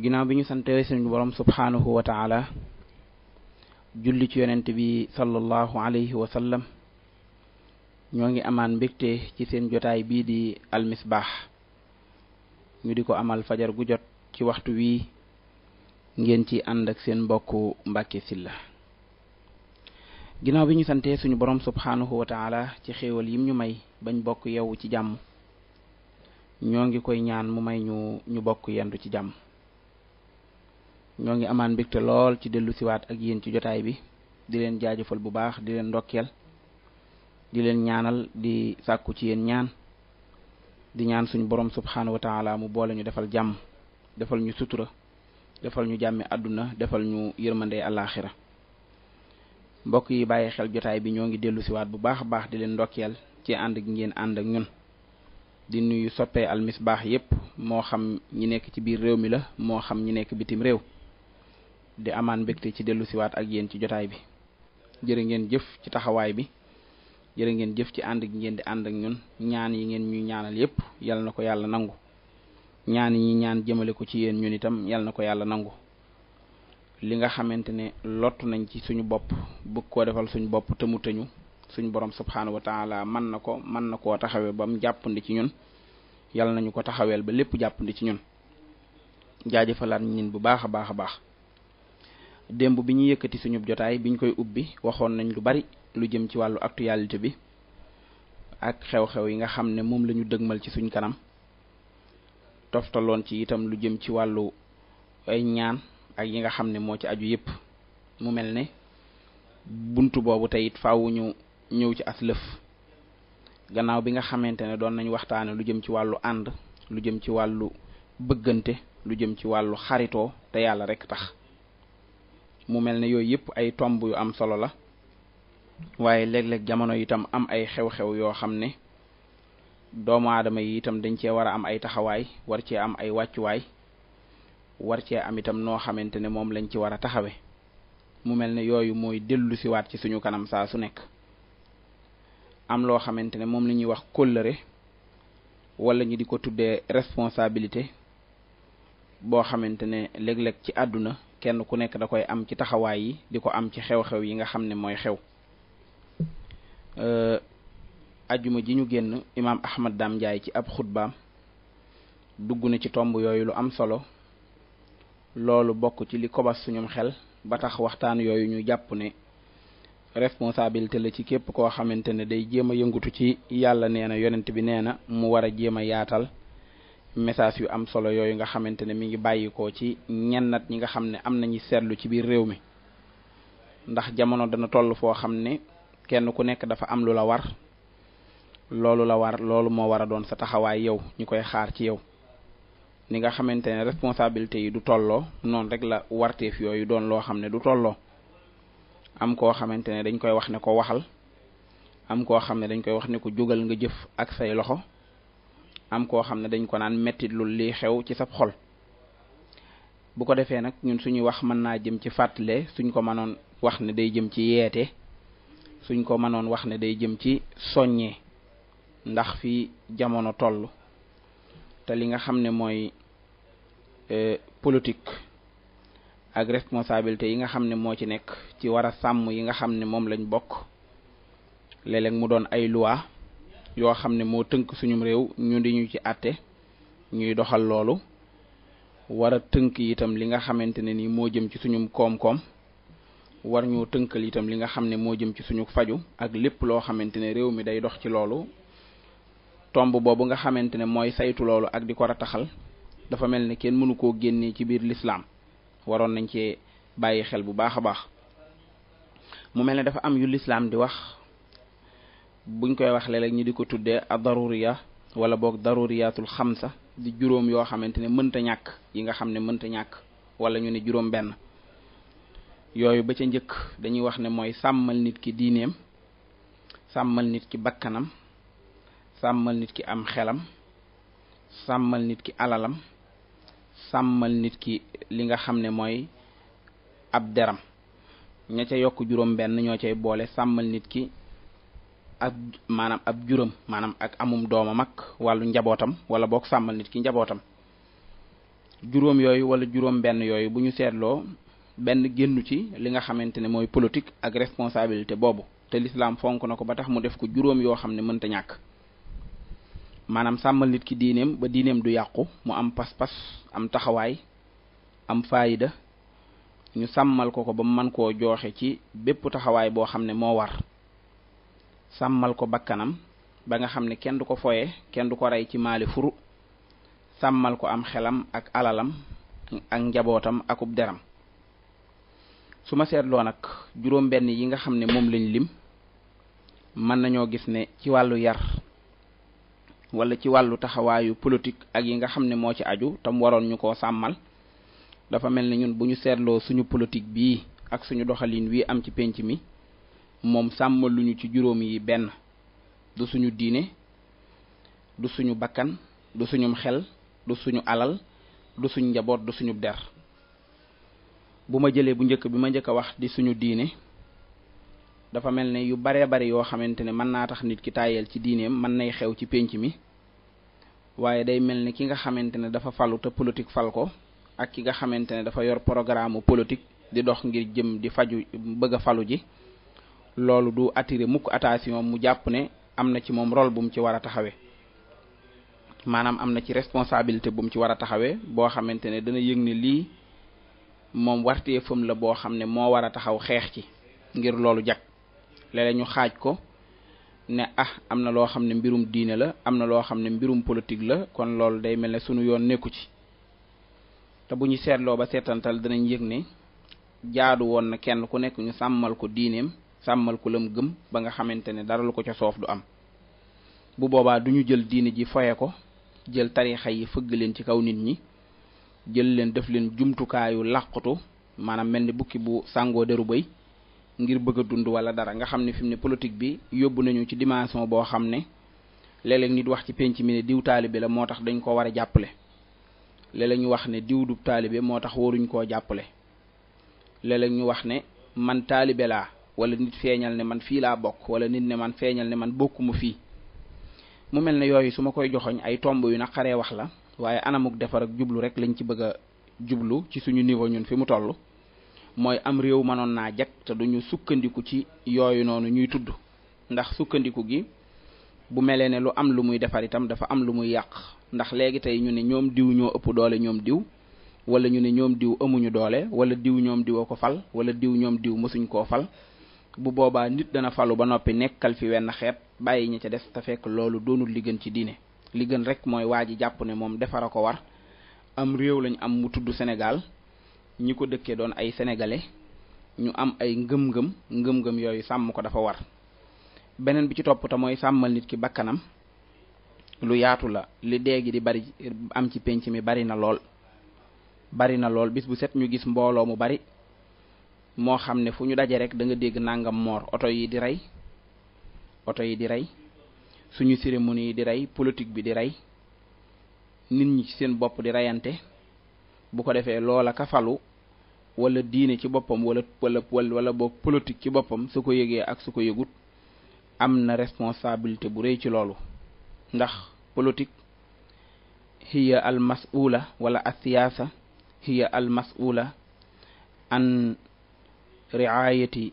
ginnaaw bi ñu santee suñu borom subhaanahu wa taala julli ci yonent bi sallallahu alayhi wa sallam ñoo ngi amaan mbëgte ci seen jotaay bii di almisbaax ñu di ko amal fajar gu jot ci waxtu wi ngeen ci ànd ak seen mbokku Mbàkke Sylla ginnaaw bi ñu santee suñu borom subhaanahu wa taala ci xéewal yi ñu may bañ bokk yewu ci jàmm ñoo ngi koy ñaan mu may ñu ñu bokk yendu ci jàmm ñoo ngi amaan mbégte lool ci dellu siwaat ak yéen ci jotaay bi di leen jaajëfal bu baax di leen ndokkeel di leen ñaanal di sàkku ci yéen ñaan di ñaan suñu borom subxanahu wa mu boole ñu defal jàmm defal ñu sutura defal ñu jàmmi àdduna defal ñu yërmandey àllaaxira mbokk yi bàyyi xel jotaay bi ñoo ngi dellu siwaat bu baax a baax di leen ndokkeel ci ànd gi ngeen ànd ak ñun di nuyu soppee Al baax yépp moo xam ñi nekk ci biir réew mi la moo xam ñi nekk bitim réew. di amaan mbégte ci dellu siwaat ak yéen ci jotaay bi jërë ngeen jëf ci taxawaay bi jërë ngeen jëf ci ànd gi ngeen di ànd ak ñun ñaan yi ngeen ñuy ñaanal yépp yal na ko yàlla nangu ñaan yi ñaan jëmale ko ci yéen ñun itam yal na ko yàlla nangu li nga xamante ne lott nañ ci suñu bopp bëgg koo defal suñu bopp te mu tëñu suñu borom subxanahu wa taala mën na ko mën na koo taxawee ba mu jàppandi ci ñun yal nañu ko taxaweel ba lépp jàppandi ci ñun jaajëfalaat ñin bu baax a baax a baax. démb bi ñu yëkkati suñu jotaay bi ñu koy ubbi waxoon nañ lu bari lu jëm ci wàllu actualité bi ak xew-xew yi nga xam ne moom lañu dëgmal ci suñ kanam toftaloon ci itam lu jëm ci wàllu ay ñaan ak yi nga xam ne moo ci aju yépp mu mel ne bunt boobu tey it faaw ñu ñëw ci as lëf gannaaw bi nga xamante ne doon nañ waxtaane lu jëm ci wàllu ànd lu jëm ci wàllu bëggante lu jëm ci wàllu xaritoo te yàlla rek tax mu mel ne yooyu yëpp ay tomb yu am solo la waaye léeg-léeg jamono itam am ay xew-xew yoo xam ne doomu aadama yi itam dañ cee war a am ay taxawaay war cee am ay wàccuwaay war cee am itam noo xamante ne moom lañ ci war a taxawe mu mel ne yooyu mooy dellu ci suñu kanam su nekk am loo xamante ne moom la ñuy wax kóllëre wala ñi di ko tuddee responsabilité boo xamante ne léeg-léeg ci àdduna kenn ku nekk da koy am ci taxawaay yi di ko am ci xew-xew yi nga xam ne mooy xew euh, ajjuma ji ñu génn imaam Ahmad Dame ci ab xutbaam dugg na ci tomb yooyu lu am solo loolu bokk ci li kobas suñum xel ba tax waxtaan yooyu ñu jàpp ne responsabilité la ci képp koo xamante ne day jéem a yëngutu ci yàlla nee na yonent bi nee na mu war a jéem a yaatal message yu am solo yooyu nga xamante ne mi ngi bàyyikoo ci ñennat ñi nga xam ne am nañu seetlu ci biir réew mi ndax jamono dana toll foo xam ne kenn ku nekk dafa am lu la war loolu la war loolu moo war a doon sa taxawaay yow ñu koy xaar ci yow ni nga xamante ne responsabilité yi du tolloo noonu rek la warteef yooyu doon loo xam ne du tolloo am koo xamante ne dañ koy wax ne ko waxal am koo xam ne dañ koy wax ne ko jógal nga jëf ak say loxo am koo xam ne dañ ko naan mettit lu lii xew ci sab xol bu ko defee nag ñun suñuy wax mën naa jëm ci fàttale suñ ko mënoon wax ne day jëm ci yeete suñ ko mënoon wax ne day jëm ci soññee ndax fi jamono toll te li nga xam ne mooy e, politique ak responsabilité yi nga xam ne moo ci nekk ci war a sàmm yi nga xam ne moom lañ bokk léeg mu doon ay loi yoo xam ne moo tënk suñum réew ñu di ñu ci àtte ñuy doxal loolu war tënk yitam li nga xamante ne ni moo jëm ci suñum koom-koom war li nga xam ne moo jëm ci suñu faju ak lépp loo xamante ne réew mi day dox ci loolu tomb boobu nga xamante ne mooy saytu loolu ak di ko rataxal dafa mel ne kenn mënu koo génnee ci biir lislaam waroon nañ cee bàyyi xel bu baax a baax mu mel ne dafa am yu lislaam di wax buñ koy wax léeg-léeg ñu di ko tuddee a daruriya wala boog daruriyatul xamsa di juróom yoo xamante ne mënta ñàkk yi nga xam ne mënta ñàkk wala ñu ne juróom benn yooyu ba ca njëkk dañuy wax ne mooy sàmmal nit ki diineem sàmmal nit ki bakkanam sàmmal nit ki am xelam sàmmal nit ki alalam sàmmal nit ki li nga xam ne mooy ab deram ña ca yokk juróom benn ñoo cay boole sàmmal nit ki ak maanaam ab juróom maanaam ak amum doomam ak wàllu njabootam wala boog sàmmal nit ki njabootam juróom yooyu wala juróom benn yooyu bu ñu seetloo benn génnu ci li nga xamante ne mooy politique ak responsabilité boobu te lislaam fonk na ko ba tax mu def ko juróom yoo xam ne mënta ñàkk maanaam sàmmal nit ki diineem ba diineem du yàqu mu am pas-pas am taxawaay am faayida ñu sàmmal ko ko ba mu mën koo jooxe ci bépp taxawaay boo xam ne moo war sàmmal ko bakkanam ba nga xam ne kenn du ko foye kenn du ko rey ci maali furu sàmmal ko am xelam ak alalam ak njabootam akub deram su ma seetloo nag juróom benn yi nga xam ne moom lañ lim mën nañoo gis ne ci wàllu yar wala ci wàllu taxawaayu politique ak yi nga xam ne moo ci aju tam waroon ñu ko sàmmal dafa mel na ñun bu ñu seetloo suñu politique bii ak suñu doxalin wii am ci pénc mi moom sàmmaluñu ci juróom yi benn du suñu diine du suñu bakkan du suñum xel du suñu alal du suñu njaboot du suñu der bu ma jëlee bu njëkk bi ma njëkk a wax di suñu diine dafa mel ne yu baree bari yoo xamante ne mën naa tax nit ki tàyyeel ci diineem mën nay xew ci pénc mi waaye day mel ni ki nga xamante ne dafa falu te politique fal ko ak ki nga xamante ne dafa yor programme politique di dox ngir jëm di faju bëgg a falu ji loolu du attirer mukk attention mu jàpp ne am na ci moom role bu mu ci war a taxawee maanaam am na ci responsabilité bum ci war a taxawee boo xamante ne dana yëg ne lii moom wartee fam la boo xam ne moo war a taxaw xeex ci ngir loolu jag léeg ñu xaaj ko ne ah am na loo xam ne mbirum diine la am na loo xam ne mbirum politique la kon loolu day mel ne sunu yoon nekku ci te bu ñu seetloo ba seetantal danañ yëg ne jaadu woon na kenn ku nekk ñu sàmmal ko diineem sàmmal ku lam gëm ba nga xamante ne dara lu ko ca soof du am bu boobaa du ñu jël diine ji foye ko jël tarixa yi fëgg leen ci kaw nit ñi jël leen def leen jumtukaayu làqutu maanaam mel ni bukki bu sàngoo deru béy ngir bëgg a dund wala dara nga xam ne fi mu ne politique bi yóbbu nañu ci dimension boo xam ne léeg-léeg nit wax ci penc mi ne diw taalibe la moo tax dañ ko war a jàppale léeg ñu wax ne diw du taalibe moo tax waruñ koo jàppale léeg ñu wax ne man taalibe laa wala nit feeñal ne man fii laa bokk wala nit ne man feeñal ne man bokkuma fii mu mel ne yooyu su ma koy joxoñ ay tomb yu naqaree wax la waaye anamuk defar ak jublu rek lañ ci bëgg jublu ci suñu niveau ñun fi mu toll mooy am réew mënoon naa jag te duñu sukkandiku ci yooyu noonu ñuy tudd ndax sukkandiku gi bu melee ne lu am lu muy defar itam dafa am lu muy yàq ndax léegi tey ñu ne ñoom diw ñoo ëpp doole ñoom diw wala ñu ne ñoom diw amuñu doole wala diw ñoom diw a ko fal wala diw ñoom diw mësuñ koo fal bu boobaa nit dana falu ba noppi nekkal fi wenn xeet bàyyi ñi ca des te fekk loolu doonul li ci diine li gën rek mooy waa ji jàpp ne moom defara ko war am réew lañ am mu tudd Sénégal ñi ko dëkkee doon ay senegale ñu am ay ngëm-ngëm ngëm-ngëm yooyu sàmm ko dafa war beneen bi ci topp te mooy sàmmal nit ki bakkanam lu yaatu la li déegi di bari am ci pénc mi bari na lool bari na lool bis bu set ñu gis mbooloo mu bari moo xam ne fu ñu dajee rek da nga dégg nangam moor oto yi di rey oto yi di rey suñu cérémonie yi di rey politique bi di rey nit ñi ci seen bopp di reyante bu ko defee loola ka wala diine ci boppam wala wala wala boog ci boppam su ko yëgee ak su ko yëgut am na responsabilité bu rëy ci loolu ndax politique hiya al mas'ula wala asiyaasa hiya al mas'ula an ricaayati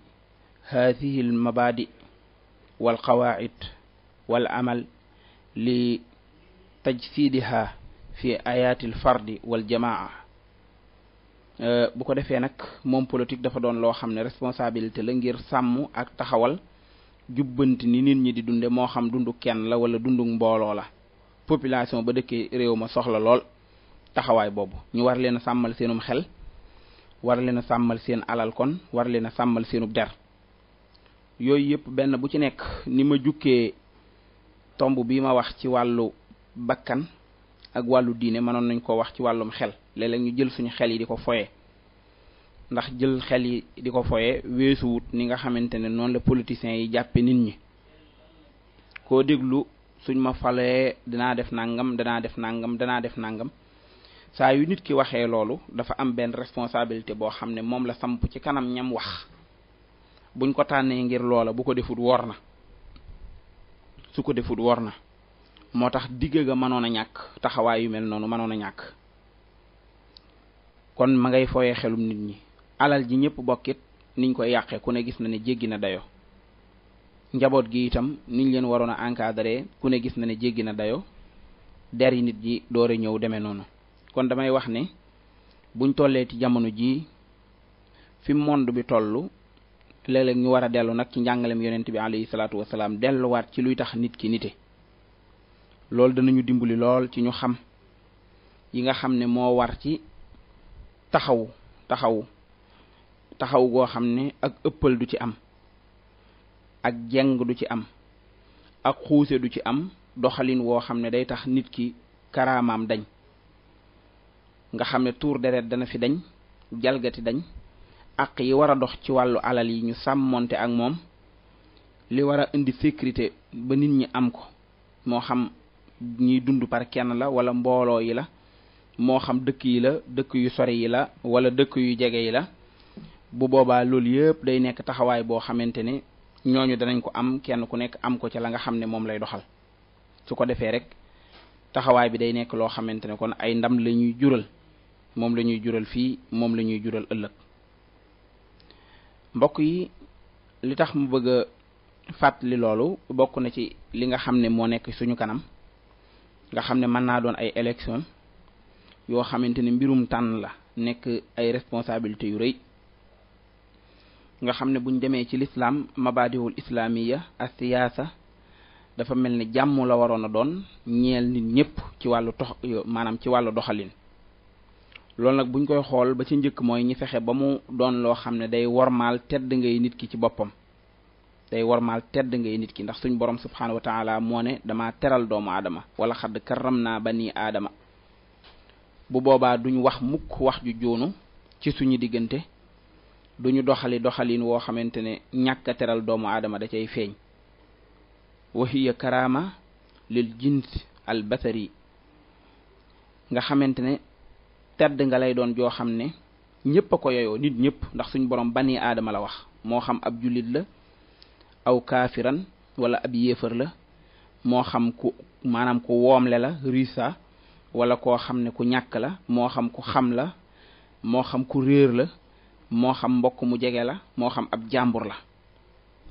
haadihi almabaadi walqawaacid wal amal li tajsidiha fi ayaati alfardi waljamaa eh, bu ko defee nag moom politique dafa doon loo xam ne responsabilité la ngir sàmm ak taxawal jubbanti ni nit ñi di dunde moo xam dundu kenn la wala dundu mbooloo la population ba dëkkee réew ma soxla lool taxawaay boobu ñu war leen a sàmmal seenum xel war leen a sàmmal seen alal kon war leen a sàmmal seenub der yooyu yëpp benn bu ci nekk ni ma jukkee tomb bi ma wax ci wàllu bakkan ak wàllu diine mënoon nañ ko wax ci wàllum xel léeg-léeg ñu jël suñu xel yi di ko foyee ndax jël xel yi di ko foyee weesuwut ni nga xamante ne noonu la politiciens yi jàppe nit ñi koo déglu suñ ma falee dinaa def nangam danaa def nangam danaa def nangam saa yu nit ki waxee loolu dafa am benn responsabilité boo xam ne moom la samp ci kanam ñam wax buñ ko tànnee ngir loola bu ko defut woor na su ko defut wor na moo tax digg ga mënoon a ñàkk taxawaay yu mel noonu mënoon a ñàkk kon ma ngay fooyee xelum nit ñi alal ji ñëpp bokkit niñ koy yàqee ku ne gis na ne jéggi na dayo njaboot gi itam niñ leen waroon a encadrer ku ne gis na ne jéggi na dayo der yi nit ji doore ñëw demee noonu kon damay wax ne buñ tollee ci jamono jii fi monde bi tollu léeg ñu war a dellu nag ci njàngalem yonent bi alayhi salaatu delluwaat ci luy tax nit ki nite loolu danañu dimbali lool ci ñu xam yi nga xam ne moo war ci taxaw taxaw taxaw goo xam ne ak ëppal du ci am ak jeng du ci am ak xuuse du ci am doxalin woo xam ne day tax nit ki karaamaam dañ nga xam ne tuur deret dana fi dañ jalgati dañ àq yi war a dox ci wàllu alal yi ñu sàmmonte ak moom li war a indi sécurité ba nit ñi am ko moo xam ñiy dund par kenn la wala mbooloo yi la moo xam dëkk yi la dëkk yu sore yi la wala dëkk yu jege yi la bu boobaa loolu yëpp day nekk taxawaay boo xamante ne ñooñu danañ ko am kenn ku nekk am ko ci la nga xam ne moom lay doxal su ko defee rek taxawaay bi day nekk loo xamante ne kon ay ndam lañuy jural moom la ñuy jural fii moom la ñuy jural ëllëg mbokk yi li tax mu bëgg a fàttali loolu bokk na ci li nga xam ne moo nekk suñu kanam nga xam ne mën naa doon ay élection yoo xamante ne mbirum tànn la nekk ay responsabilité yu rëy nga xam ne buñ demee ci lislaam mabadiwul islaamiya ak siyaasa dafa mel ni jàmm la waroon a doon ñeel nit ñëpp ci wàllu tox maanaam ci wàllu doxalin loolu nag buñ koy xool ba ci njëkk mooy ñi fexe ba mu doon loo xam ne day wormaal tedd ngay nit ki ci boppam day wormaal tedd ngay nit ki ndax suñ borom subxanahu wa taala moo ne damaa teral doomu aadama wala xadd karam naa ba nii aadama bu boobaa duñ wax mukk wax ju joonu ci suñu diggante duñu doxali doxaliin woo xamante ne ñàkk teral doomu aadama da cay feeñ wa hiya karama lil jins al nga xamante tedd nga lay doon joo xam ne ñépp a ko yoyoo nit ñépp ndax suñ borom bani aadama la wax moo xam ab jullit la aw kaafiran wala ab yéefar la moo xam ku maanaam ku woomle la risa wala koo xam ne ku ñàkk la moo xam ku xam la moo xam ku réer la moo xam mbokk mu jege la moo xam ab jàmbur la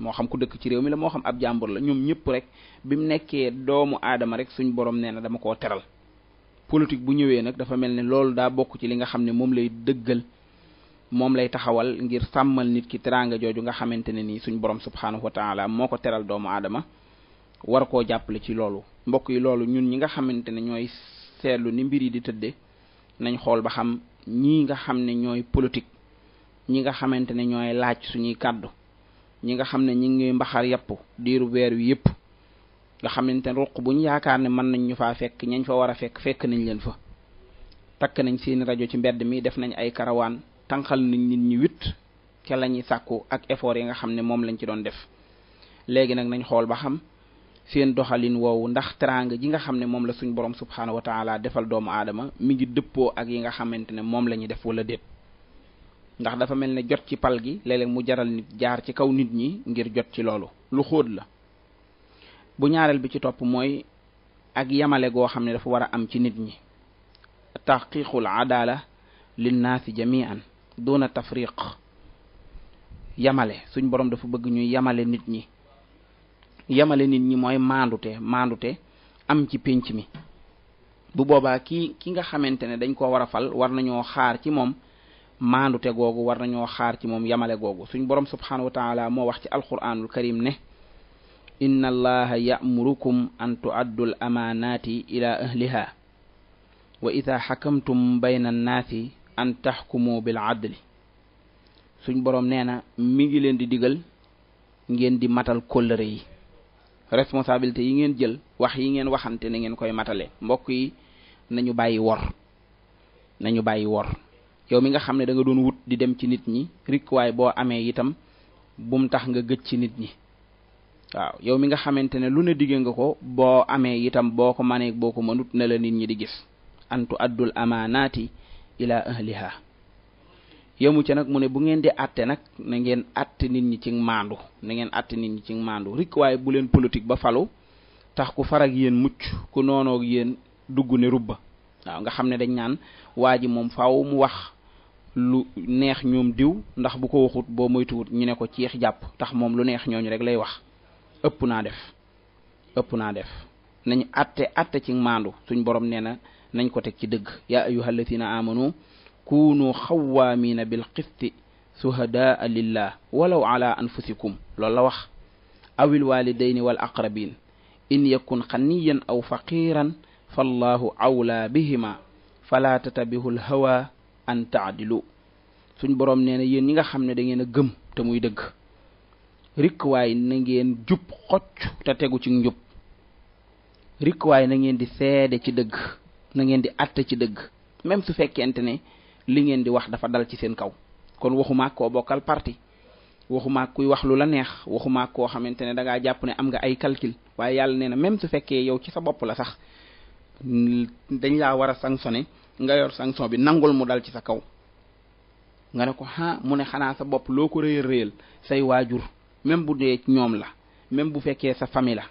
moo xam ku dëkk ci réew mi la moo xam ab jàmbur la ñoom ñépp rek bi mu nekkee doomu aadama rek suñ borom nee na dama koo teral politique bu ñëwee nag dafa mel ne loolu daa bokk ci li nga xam ne moom lay dëggal moom lay taxawal ngir sàmmal nit ki teraanga jooju nga xamante ne nii suñ borom subhaanahu wa taala moo ko teral doomu aadama war koo jàppale ci loolu mbokk yi loolu ñun ñi nga xamante ne ñooy seetlu ni mbir yi di tëddee nañ xool ba xam ñi nga xam ne ñooy politique ñi nga xamante ne ñooy laaj suñuy kàddu ñi nga xam ne ñi ngi mbaxar yàpp diiru weer wi yépp nga xamante ne ruq bu ñu yaakaar ne mën nañu ñu faa fekk ñañ fa war a fekk fekk nañ leen fa takk nañ seen rajo ci mbedd mi def nañ ay karawaan tànqal nañ nit ñi witt ca la ñuy sàkku ak effort yi nga xam ne moom lañ ci doon def léegi nag nañ xool ba xam seen doxalin woowu ndax teraanga ji nga xam ne moom la suñ borom subxanahu wa taala defal doomu aadama mi ngi dëppoo ak yi nga xamante ne moom la ñuy def wala déet ndax dafa mel ne jot ci pal gi léeg mu jaral nit jaar ci kaw nit ñi ngir jot ci loolu lu xóot la. bu ñaareel bi ci topp mooy ak yamale goo xam ne dafa war a am ci nit ñi taxqiqul adala linnaasi jamian duna tafriq yamale suñ borom dafa bëgg ñuy yamale nit ñi yamale nit ñi mooy maandute maandute am ci pénc mi bu boobaa ki ki nga xamante ne dañ koo war a fal war nañoo xaar ci moom maandute googu war nañoo xaar ci moom yamale googu suñ borom subhanahu wa taala moo wax ci alquranul karim ne inna allaha ya'murukum an tu'addu al amaanaati ila ahliha wa ida xakamtum bayna annaasi an taxkumu bil adli suñ boroom nee na mi ngi leen di digal ngeen di matal kóllëre yi responsabilité yi ngeen jël wax yi ngeen waxante ne ngeen koy matale mbokk yi nañu bàyyi wor nañu bàyyi wor yow mi nga xam ne da doon wut di dem ci nit ñi rikk boo amee itam bum tax nga gëj ci nit ñi waaw yow mi nga xamante ne lu ne digge nga ko boo amee itam boo ko manee boo ko mënut ne la nit ñi di gis antu addul amaanaati ila ahliha yemu ca nag mu ne bu ngeen di atte nag na ngeen atte nit ñi ci maandu na ngeen ñi ci maandu rik waaye bu leen politique ba falu tax ku farag yéen mucc ku noonoog yéen dugg ne rubba waaw nga xam ne dañ naan waa ji moom faaw mu wax lu neex ñoom diw ndax bu ko waxut boo moytuwut ñu ne ko ceex jàpp tax moom lu neex ñooñu rek lay wax ëpp naa def ëpp naa def nañ maandu suñ boroom nee na nañ ko teg ci dëgg yaa ayyuha alladina amanu kunu xawaamina bil qisti suhadaa lillah walaw ala anfusikum loolu la wax awil walidayni wal aqrabin in yakun xaniyan aw faqiran fallahu awla bihima fala tatabihu l an taadilu suñ borom nee na yéen ñi nga xam ne da ngeen a gëm te muy dëgg rikkwaay na ngeen jub xocc te tegu ci njub rikkwaay na ngeen di seede ci dëgg na ngeen di àtte ci dëgg même su fekkent ne li ngeen di wax dafa dal ci seen kaw kon waxumaa koo bokkal parti waxumaa kuy wax lu la neex waxumaa koo xamante ne dangaa jàpp ne am nga ay calcul waaye yàlla nee na même su fekkee yow ci sa bopp la sax dañ laa war a sanctionné nga yor sanction bi nangul mu dal ci sa kaw nga ne ko ah mu ne xanaa sa bopp loo ko réyal réyal say waajur même bu dee ñoom la même bu fekkee sa famille la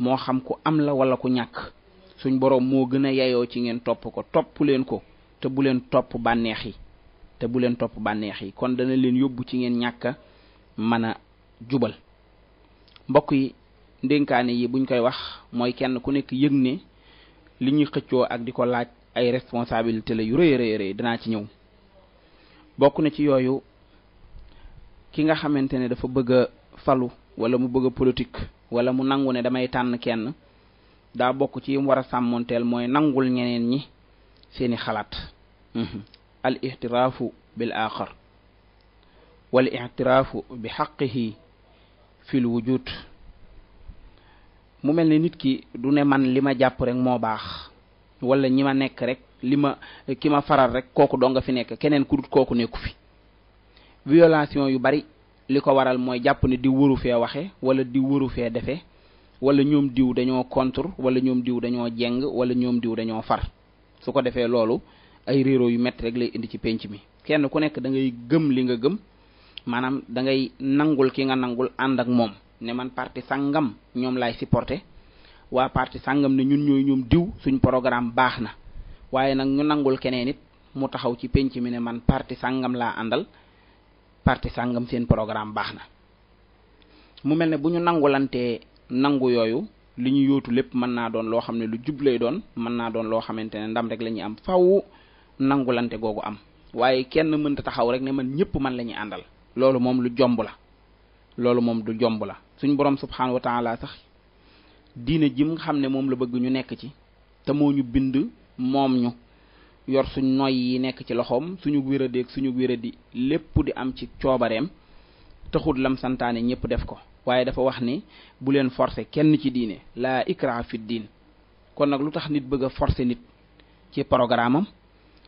moo xam ku am la wala ku ñàkk suñ boroom moo gën a yayoo ci ngeen topp ko topp leen ko te bu leen topp bànneex yi te bu leen topp bànneex yi kon dana leen yóbbu ci ngeen ñàkk a mën a jubal mbokk yi ndénkaane yi buñ koy wax mooy kenn ku nekk yëg ne li ñuy xëccoo ak di ko laaj ay responsabilité la yu rëy rëy rëy danaa ci ñëw bokk na ci yooyu ki nga xamante ne dafa bëgg falu wala mu bëgg a politique wala mu nangu ne damay tànn kenn daa bokk ci yim war a sàmmonteel mooy nangul ñeneen ñi seeni xalaat mhm. al ihtiraafu bil axar wal ihtiraafu bi xaqihi fil wujud mu mel ni nit ki du ne man li ma jàpp rek moo baax wala ñi ma nekk rek li ma ki ma faral rek kooku doo nga fi nekk keneen ku dut kooku nekku fi violation yu bari li ko waral mooy jàpp ne di waru fee waxe wala di waru fee defe wala ñoom diw dañoo contre wala ñoom diw dañoo jeng wala ñoom diw dañoo far su ko defee loolu ay réero yu métti rek lay indi ci pénc mi kenn ku nekk da ngay gëm li nga gëm maanaam da ngay nangul ki nga nangul ànd ak moom ne man parti sangam ñoom lay supporter waa parti sangam ne ñun ñooy ñoom diw suñ programme baax na waaye nag ñu nangul keneen it mu taxaw ci penc mi ne man parti sangam laa àndal parti sàngam seen programme baax na mu mel ne bu ñu nangulantee nangu yooyu li ñu yootu lépp mën naa doon loo xam ne lu jub lay doon mën naa doon loo xamante ne ndam rek la ñuy am faw nangulante googu am waaye kenn mënta taxaw rek ne mën ñëpp mën la ñuy àndal loolu moom lu jomb la loolu moom du jomb la suñ borom subxanahu wa taala sax diine ji nga xam ne moom la bëgg ñu nekk ci te moo ñu bind moom ñu yor suñ noy yi nekk ci loxoom suñu wéradeeg suñu wéradi lépp di am ci coobareem taxut lam santaane ñëpp def ko waaye dafa wax ni bu leen forcer kenn ci diine laa ikraa fi diin kon nag lu tax nit bëgg a nit ci programme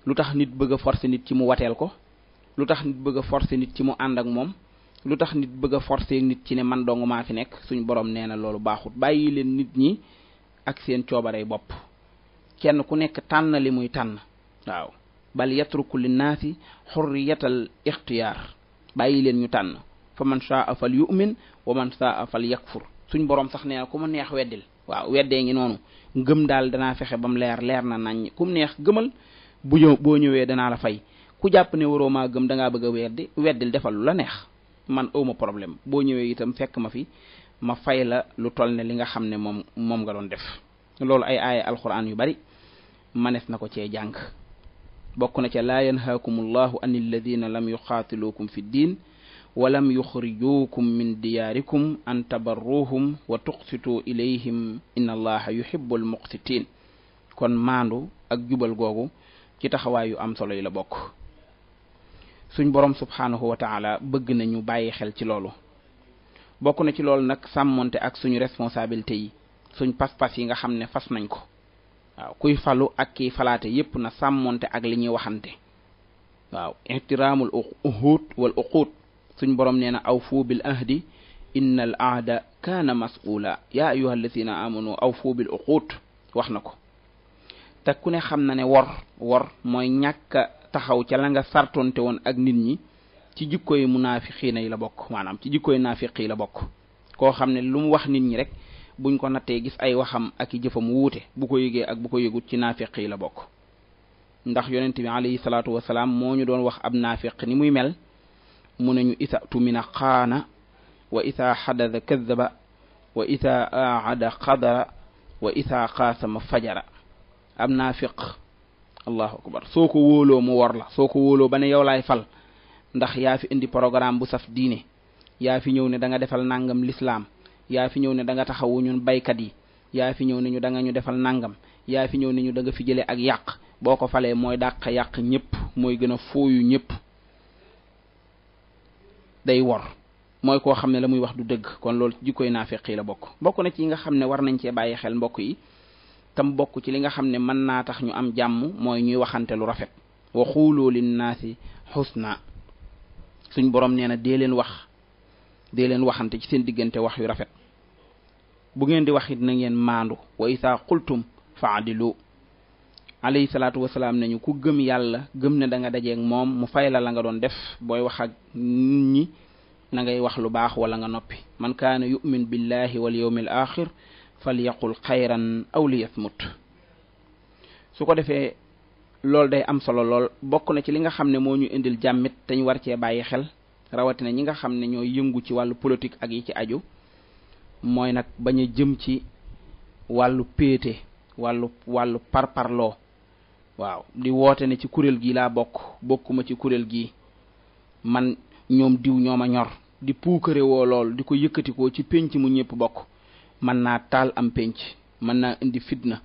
lu tax nit bëgg a nit ci mu wateel ko lu tax bëgg a nit ci mu ànd ak moom lu tax nit bëgg a forcer nit ci ne man dong maa fi nekk suñ borom nee na loolu baaxut bàyyi leen nit ñi ak seen coobarey bopp kenn ku nekk tànn li muy tànn waaw bal yatruku linnaasi xurriyatal ixtiyaar bàyyi leen ñu tànn fa man saa fal yu'min wa man saa fal yakfur suñ borom sax nee ku ma neex weddil waaw weddee ngi noonu ngëm daal danaa fexe ba mu leer leer na nañ ku mu neex gëmal bu ñëw boo ñëwee danaa la fay ku jàpp ne waroo maa gëm dangaa bëgg a weddi weddil defal lu la neex man awma problème boo ñëwee itam fekk ma fi ma fay la lu toll ne li nga xam ne moom moom nga doon def loolu ay aaya alxuraan yu bari manees na ko cee jàng bokk na ca laa yanhaakum allahu an alladina lam yuqaatiluukum fi diin wa lam yuxrijuukum min diyaarikum an tabarruuhum wa tuqsituu ilayhim inna allaha yuhibbul muqsitiin kon maandu ak jubal googu ci taxawaay yu am solo yi la bokk suñ borom subhaanahu wa taala bëgg nañu bàyyi xel ci loolu bokk na ci loolu nag sàmmonte ak suñu responsabilité yi suñ pas-pas yi nga xam ne fas nañ ko kuy falu ak kiy falaate yépp na sàmmoonte ak li ñuy waxante waaw ixtiraamul uxuut wal uquut suñ boroom nee na aw fuu bil ahdi inna al ahda kaana mas'ula yaa ayuha alladina amanu aw fuu bil uquut wax na ko te ku ne xam na ne wor wor mooy ñàkk taxaw ca la nga sartonte woon ak nit ñi ci jikkoy munaafiqiina yi la bokk maanaam ci jikkoy naafiq yi la bokk koo xam ne lu mu wax nit ñi rek buñ ko nattee gis ay waxam ak i jëfam wuute bu ko yëgee ak bu ko yëgut ci naafiq yi la bokk ndax yonent bi alayhi salaatu wasalaam moo ñu doon wax ab naafiq ni muy mel mu ne ñu isa tumina xaana wa isa xadada kadaba wa isa aada xadara wa isa xaasama fajara ab naafiq allahu akbar soo ko wóoloo mu wor la soo ko wóoloo ba ne yow laay fal ndax yaa fi indi programme bu saf diine yaa fi ñëw ne da nga defal nangam lislaam yaa fi ñëw ne danga nga taxawu ñun baykat yi yaa fi ñëw ne ñu da ñu defal nangam yaa fi ñëw ne ñu da fi jëlee ak yàq boo ko falee mooy dàq yàq ñëpp mooy gën a fooyu ñëpp day wor mooy koo xam ne la muy wax du dëgg kon loolu jikkoy naa yi la bokk bokk na ci yi nga xam ne war nañ cee bàyyi xel mbokk yi tam bokk ci li nga xam ne mën naa tax ñu am jàmm mooy ñuy waxante lu rafet wa xuuloo linnaasi xusna suñ borom nee na dee leen wax dee leen waxante ci seen diggante wax yu rafet bu ngeen di wax it na ngeen maandu wa isaa qultum faadilu alayhi salaatu wasalaam nañu ku gëm yàlla gëm ne da nga dajeeg moom mu fay la la nga doon def booy wax ak ñi na ngay wax lu baax wala nga noppi man kaana yumin billahi wal yawmil axir falyaqul xayran aw liyasmut su ko defee loolu day am solo lool bokk na ci li nga xam ne moo ñu indil jàmmit te ñu war cee bàyyi xel rawatina ñi nga xam ne ñoo yëngu ci wàllu politique ak yi ci aju mooy nag bañ a jëm ci wàllu péete wàllu wàllu parparloo waaw di woote ne ci kuréel gii laa bokk bokkuma ci kuréel gii man ñoom diw ñoom a ñor di puukare woo lool di ko yëkkatikoo ci pénc mu ñëpp bokk mën naa taal am pénc mën naa indi fitna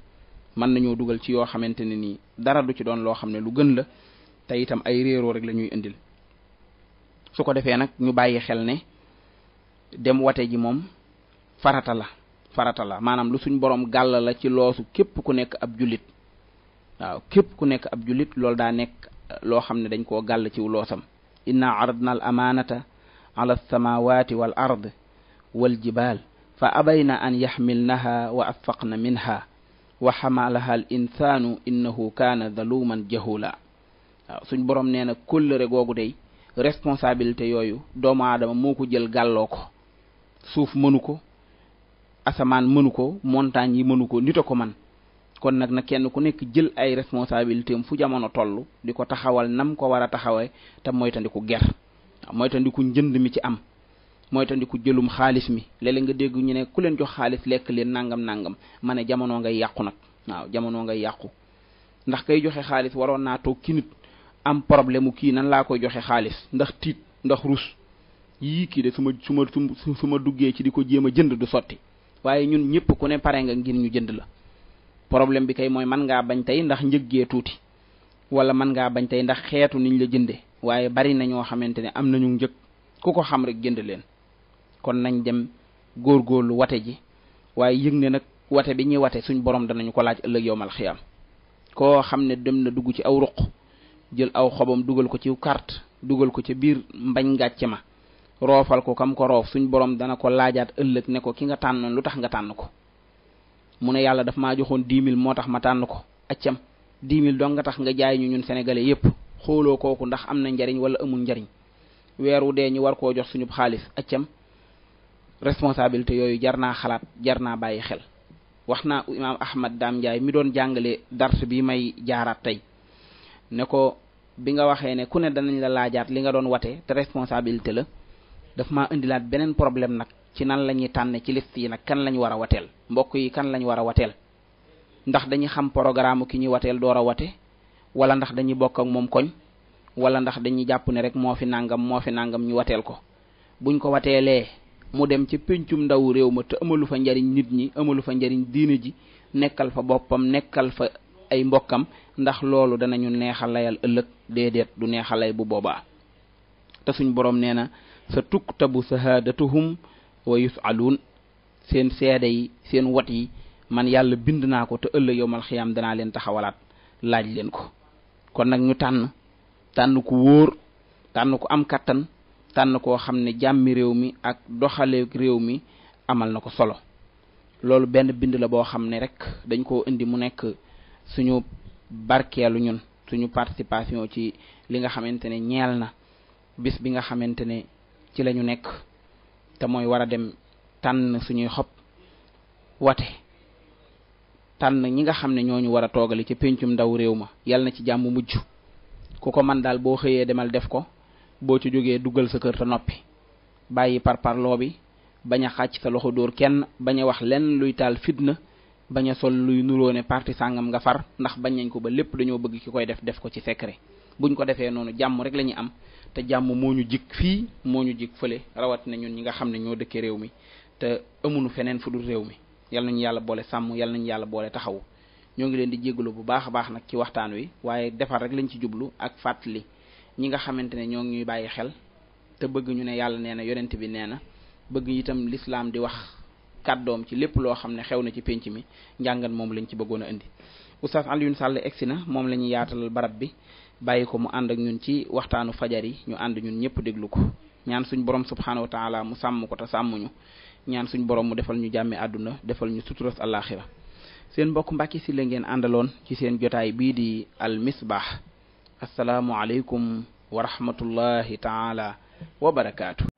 mën nañoo dugal ci yoo xamante ne nii dara du ci doon loo xam ne lu gën la te itam ay réeroo rek la ñuy indil su ko defee nag ñu bàyyi xel ne dem wate ji moom farata la farata la maanaam lu suñ borom gàll la ci loosu képp ku nekk ab jullit waaw képp ku nekk ab jullit lool daa nekk eh, loo xam ne dañ koo gàll ci loosam inna aradna al amaanata ala alsamawati wal ard wal jibal fa abayna an yaxmilnaha wa asfaqna minha wa xamalaha al insaanu innahu kaana zaluman jahula waaw suñ borom nee na kóllëre googu day responsabilité yooyu doomu aadama moo ko jël gàlloo ko suuf mënu ko asamaan mënu ko montagne yi mënu ko nit a ko man kon nag na kenn ku nekk jël ay responsabilité am fu jamono tollu di ko taxawal nam ko war a taxawee te moytandiku ger moytandiku njënd mi ci am moytandiku jëlum xaalis mi léeg nga dégg ñu ne ku leen jox xaalis lekk leen nangam nangam ma ne jamono ngay yàqu nag waaw jamono ngay yàqu ndax kay joxe xaalis waroon naa toog ki nit am problème mu kii nan laa koy joxe xaalis ndax tiit ndax rus yii kii de su ma su ma su ma duggee ci di ko jéem a jënd du sotti waaye ñun ñëpp ku ne pare nga ngir ñu jënd la problème bi kay mooy man ngaa bañ tey ndax njëggee tuuti wala mën ngaa bañ tey ndax xeetu niñ la jëndee waaye bari na ñoo xamante ne am nañu njëg ku ko xam rek jënd leen kon nañ dem góor góorgóorlu wate ji waaye yëg ne nag wate bi ñuy wate suñ borom danañu ko laaj ëllëg yowmal xiyaam koo xam ne dem na dugg ci aw ruq jël aw xobam dugal ko ci carte dugal ko ca biir mbañ gàcce ma roofal ko kam ko roof suñ borom dana ko laajaat ëllëg ne ko ki nga tànnoon lu tax nga tànn ko mu ne yàlla daf maa joxoon dix mille moo tax ma tànn ko accam dix mille dong nga tax nga jaay ñu ñun sénégalais yépp xooloo kooku ndax am na njariñ wala amul njariñ weeru dee ñi war koo jox suñub xaalis accam responsabilité yooyu jar naa xalaat jar naa bàyyi xel wax naa imaam ahmad daam njaay mi doon jàngale dars bi may jaaraat tey ne ko bi nga waxee ne ku ne danañ la laajaat li nga doon wate te responsabilité la daf maa indilaat beneen problème nag ci nan la ñuy tànn ci liste yi nag kan lañ war a wateel mbokk yi kan lañ war a wateel ndax dañuy xam programme ki ñuy wateel door a wate wala ndax dañuy bokk ak moom koñ wala ndax dañuy jàpp ne rek moo fi nangam moo fi nangam ñu wateel ko buñ ko wateelee mu dem ca péncum ndawu réew ma te amalu fa njariñ nit ñi amalu fa njariñ diine ji nekkal fa boppam nekkal fa ay mbokkam ndax loolu danañu neexalayal ëllëg déedéet du neexalay bu boobaa borom nee na sa tuktabu sahaadatuhum wa yusaluun seen seede yi seen wot yi man yàlla bind naa ko te ëllëg yowmal xiyaam danaa leen taxawalaat laaj leen ko kon nag ñu tànn tànn ku wóor tànn ku am kàttan tànn koo xam ne jàmmi réew mi ak doxale réew mi amal na ko solo loolu benn bind la boo xam ne rek dañ koo indi mu nekk suñu barkeelu ñun suñu participation ci li nga xamante ne ñeel na bis bi nga xamante ne ci lañu nekk te mooy war a dem tànn suñuy xob wate tànn ñi nga xam ne ñooñu war a toogale ci péncum ndaw réew ma yàlla na ci jàmm mujj ku ko man daal boo xëyee demal def ko boo ci jógee dugal sa kër sa noppi bàyyi par parparloo bi bañ a xàcc sa loxo dóor kenn bañ a wax lenn luy taal fitna bañ a sol luy ne parti sàngam nga far ndax bañ nañ ko ba lépp dañoo bëgg ki koy def def ko ci secret buñ ko defee noonu jàmm rek la ñuy am te jàmm moo ñu jik fii moo ñu jik fële rawat na ñun ñi nga xam ne ñoo dëkkee réew mi te amuñu feneen fu dul réew mi yal nañu yàlla boole sàmm yal nañu yàlla boole taxawu ñoo ngi leen di jégalu bu baax a baax nag ci waxtaan wi waaye defar rek lañ ci jublu ak fàttali ñi nga xamante ne ñoo ngi ñuy bàyyi xel te bëgg ñu ne yàlla nee na yonent bi nee na bëgg itam lislaam di wax kàddoom ci lépp loo xam ne xew na ci pénc mi njàngat moom lañ ci bëggoon a indi barab bi bàyyi ko mu ànd ak ñun ci waxtaanu fajar yi ñu ànd ñun ñëpp déglu ko ñaan suñ borom subhaanahu wa taala mu sàmm ko te sàmmuñu ñaan suñ borom mu defal ñu jàmme àdduna defal ñu suturas àllaaxira seen mbokk Mbàkke Sylla ngeen àndaloon ci seen jotaay bii di al misbaax asalaamualeykum wa rahmatullahi taala wa barakaatu.